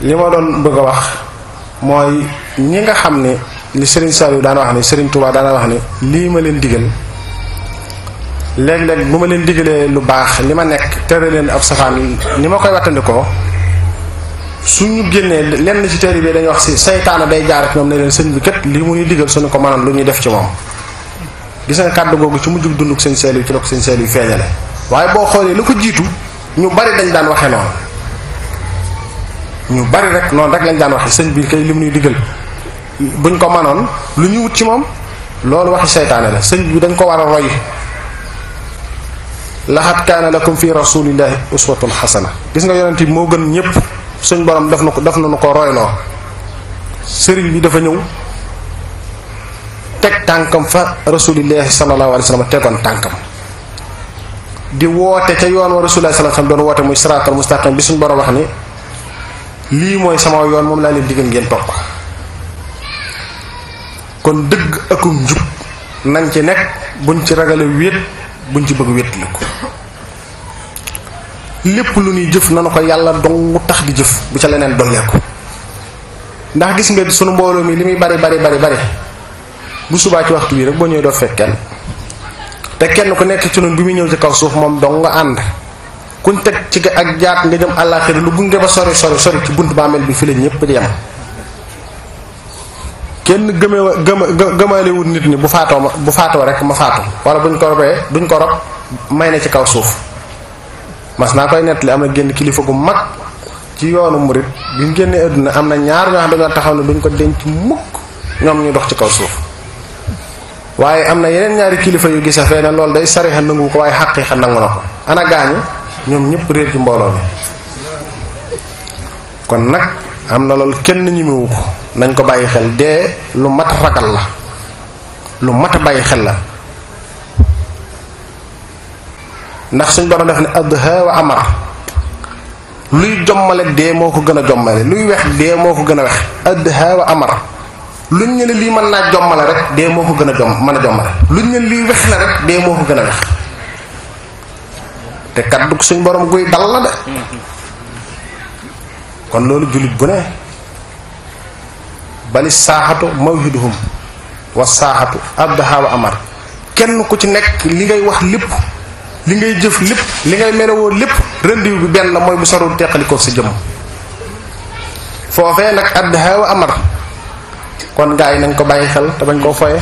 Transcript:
li ma doon bëgg a wax mooy ñi nga xam ne li Serigne Saliou daan wax ne sëriñ Touba daana wax ne lii ma leen digal léeg-léeg bu ma leen digalee lu baax li ma nekk tere leen ak safaan ni ma koy wattandikoo ñu génnee lenn ci téere bi dañuy wax si saytaana day jaar ak ñoom ne leen sëñ bi kat lii mu ñuy digal suñu ko mënoon lu ñuy def ci moom gis nga kàddu googu ci mujjug dunduk sëñ Saliou ci la ko sëñ Saliou feeñale waaye boo xoolee lu ko jiitu ñu bari dañ daan waxee ñu bari rek noonu rek lañ daan wax sëñ bi kay li mu ñuy diggal buñ ko manoon lu ñu wut ci moom loolu waxi seytaane la sëñ bi dañ ko war a roy laxat kaana lakum fi rasulillahi uswatun xasana gis nga yonent bi moo gën ñëpp sëñ borom def na ko def nañu ko royloo sëriñ bi dafa ñëw teg tànkam fa rasulillahi sallallahu alayhi wa sallam tegoon tànkam di woote ca yoon wa rasulillahi sallallahu alayhi wa sallam doon woote muy siraatal mustaqim bi suñ borom wax ni li moy sama yoon mom la leen digal ngeen top kon deug akum njub nang ci nek buñ ci ragale wet buñ ci bëgg wet la lepp lu ñuy jëf nanu ko yalla dong tax di jëf bu ca leneen ko ndax gis nga sunu mbolo mi limi bari bari bari bari bu suba ci waxtu wi rek bo ñoy do fekkel te kenn ku nekk ci ñun bu mi ñew ci kaw suuf mom dong nga kuñ teg ci ak jaat nga jëm àllaaxira lu gunge ba sori sori sori ci bunt bàmmeel bi fi la ñëpp di yem kenn gëmewa gëma gëmaalewul nit ni bu faatoo ma bu faatoo rekk ma faatu wala buñ ko robee duñ ko rob may na ci kaw suuf mas naa koy nettali am na génn kilifa gu mag ci yoonu murit bi ñu génnee am na ñaar ñoo xam dañoo taxaw ne duñ ko denc mukk ñoom ñu dox ci kaw suuf waaye am na yeneen ñaari kilifa yu gisa fee ne loolu day sarixa nangu ko waaye na ko ana ñoom ñëpp réer ci mbooloo mi kon nag am na loolu kenn ñimewu ko nañ ko bàyyi xel dee lu mat ragal la lu mat bàyyi xel la ndax suñ borom def ne adha wa amar luy jommale dee moo ko gën a jommale luy wex dee moo ko gën a wex adha wa amar luñ ne lii mën naa jommale rek dee moo ko gën a mën a jommale luñ ne lii wex la rek dee moo ko gën a wex te kaddu suñ borom guy dal la de kon lolu julit bu ne bani sahatu mawhiduhum wa saaxatu abdaha wa amar kenn ku ci nek li ngay wax lepp li ngay jëf lepp li ngay melewoo lépp rendiw bi la moy bu sarul teqalikoo ci jëm fofé nak abdaha wa amar kon gai neng nañ ko bàyyi xel ta bañ ko foyé